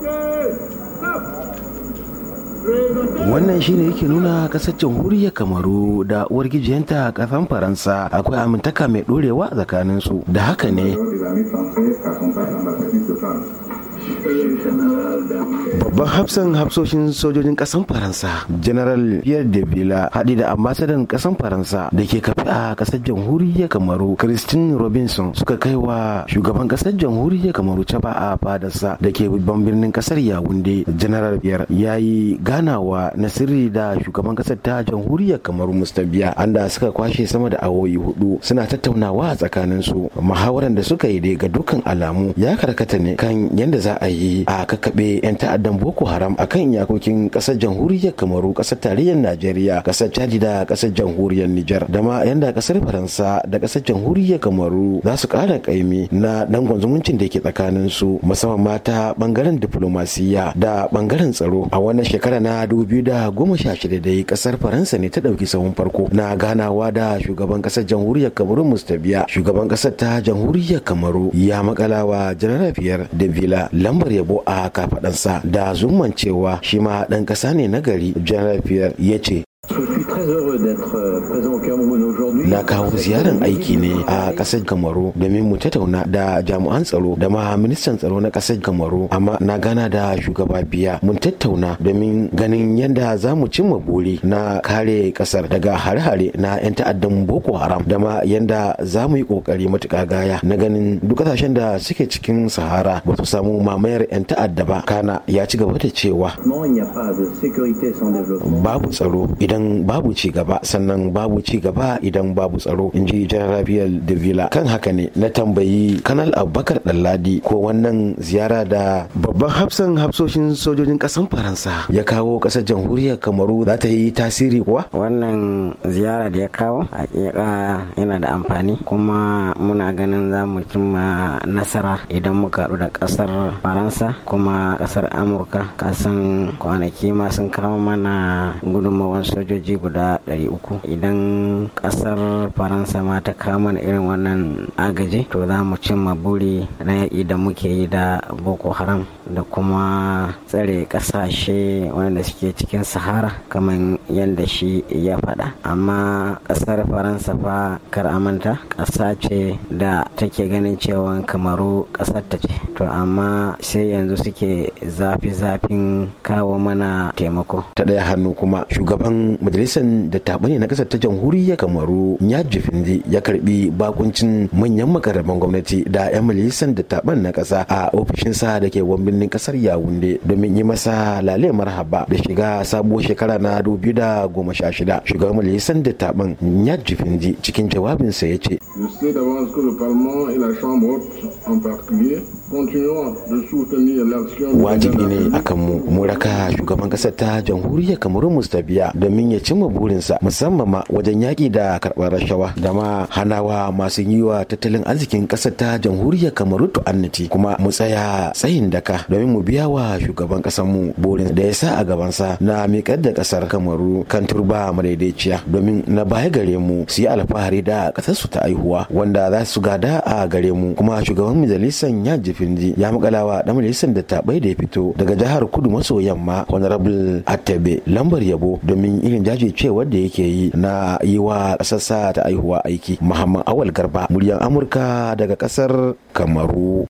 注意，看。wannan shine yake nuna kasar jamhuriyar kamaru da uwar gijiyanta kasan faransa akwai amintaka mai dorewa tsakanin su da haka ne babban hafsan hafsoshin sojojin kasan faransa general pierre de villa haɗi da ambasadan kasan faransa da ke kafi a kasar jamhuriyar kamaru christine robinson suka kai wa shugaban kasar jamhuriyar kamaru caba a fadarsa da ke babban birnin kasar yawunde general pierre ya yi ganawa na sirri da shugaban kasar ta jamhuriyar kamaru mustabiya anda suka kwashe sama da awoyi hudu suna tattaunawa a tsakanin su muhawaran da suka yi daga ga dukkan alamu ya karkata ne kan yadda za a yi a kakkaɓe 'yan ta'addan boko haram akan iyakokin kasar jamhuriyar kamaru kasar tarayyar najeriya kasar chadi da kasar jamhuriyar nijar da ma yadda kasar faransa da kasar jamhuriyar kamaru za su ƙara ƙaimi na dangon zumuncin da ke tsakanin su musamman mata bangaren diplomasiya da ɓangaren tsaro a wannan shekara na 2016 dai kasar faransa ne ta ɗauki sahun farko na ganawa da shugaban kasar jamhuriyar kamaru mustabiya shugaban kasar ta jamhuriyar kamaru ya makalawa Janaral Fiyar da vila lambar yabo a kafadansa da zumancewa shi ma ɗan ƙasa ne na gari Fiyar ya ce Euh, na kawo ziyarar aiki ne a ƙasar Kamaru domin mu tattauna da jami'an tsaro da ma ministan tsaro na ƙasar Kamaru amma na gana da shugaba biya mun tattauna domin ganin yadda za mu cimma buri na kare ƙasar daga hare-hare na 'yan ta'addan Boko Haram da ma yadda za mu yi ƙoƙari matuƙa gaya na ganin duk ƙasashen da suke cikin Sahara ba su samu mamayar 'yan ta'adda ba kana ya ci gaba da cewa babu tsaro idan idan babu ci gaba sannan babu ci gaba idan babu tsaro in ji janar davila kan haka ne na tambayi kanal abubakar dalladi ko wannan ziyara da babban hafsan hafsoshin sojojin ƙasar faransa ya kawo ƙasar jamhuriyar kamaru za ta yi tasiri kuwa wannan ziyara da ya kawo hakika yana da amfani kuma muna ganin za mu cimma nasara idan muka haɗu da kasar faransa kuma kasar amurka kasan kwanaki ma sun kawo mana gudunmawar sojoji sojoji guda 300 idan kasar faransa ma ta kama irin wannan agaji to za mu cimma buri na yaƙi da muke yi da boko haram da kuma tsare ƙasashe wanda suke cikin sahara kamar yadda shi ya faɗa amma ƙasar faransa fa kar amanta ƙasa ce da take ganin cewa kamaru ƙasar ta ce to amma sai yanzu suke zafi-zafin kawo mana taimako ta ɗaya hannu kuma shugaban majalisar da ta bane na kasar ta jamhuriyar kamaru ya findi ya karbi bakuncin manyan makarraban gwamnati da yan majalisar dattaban na kasa a ofishin sa da ke birnin kasar yawunde domin yi masa lale marhaba da shiga sabuwar shekara na dubu da goma sha shida shugaban majalisar dattaban ya findi cikin sa ya ce wajibi ne a mu mu raka shugaban kasar ta jamhuriyar kamaru mustabiya domin domin ya cimma burinsa musamman ma wajen yaƙi da karɓar rashawa da ma hanawa masu yi wa tattalin arzikin ƙasar ta jamhuriyar kamaru to annati kuma mu tsaya tsayin daka domin mu biya wa shugaban ƙasar mu burin da ya sa a gabansa na miƙar da ƙasar kamaru kan turba madaidaiciya domin na baya gare mu su yi alfahari da ƙasar su ta aihuwa wanda za su gada a gare mu kuma shugaban majalisar ya jifinji ya makalawa da majalisar da ta bai da ya fito daga jihar kudu maso yamma honorable atabe lambar yabo domin irin irin jajircewar da yake yi na yi wa sassa ta aihuwa aiki muhammad awal garba muryan amurka daga kasar kamaru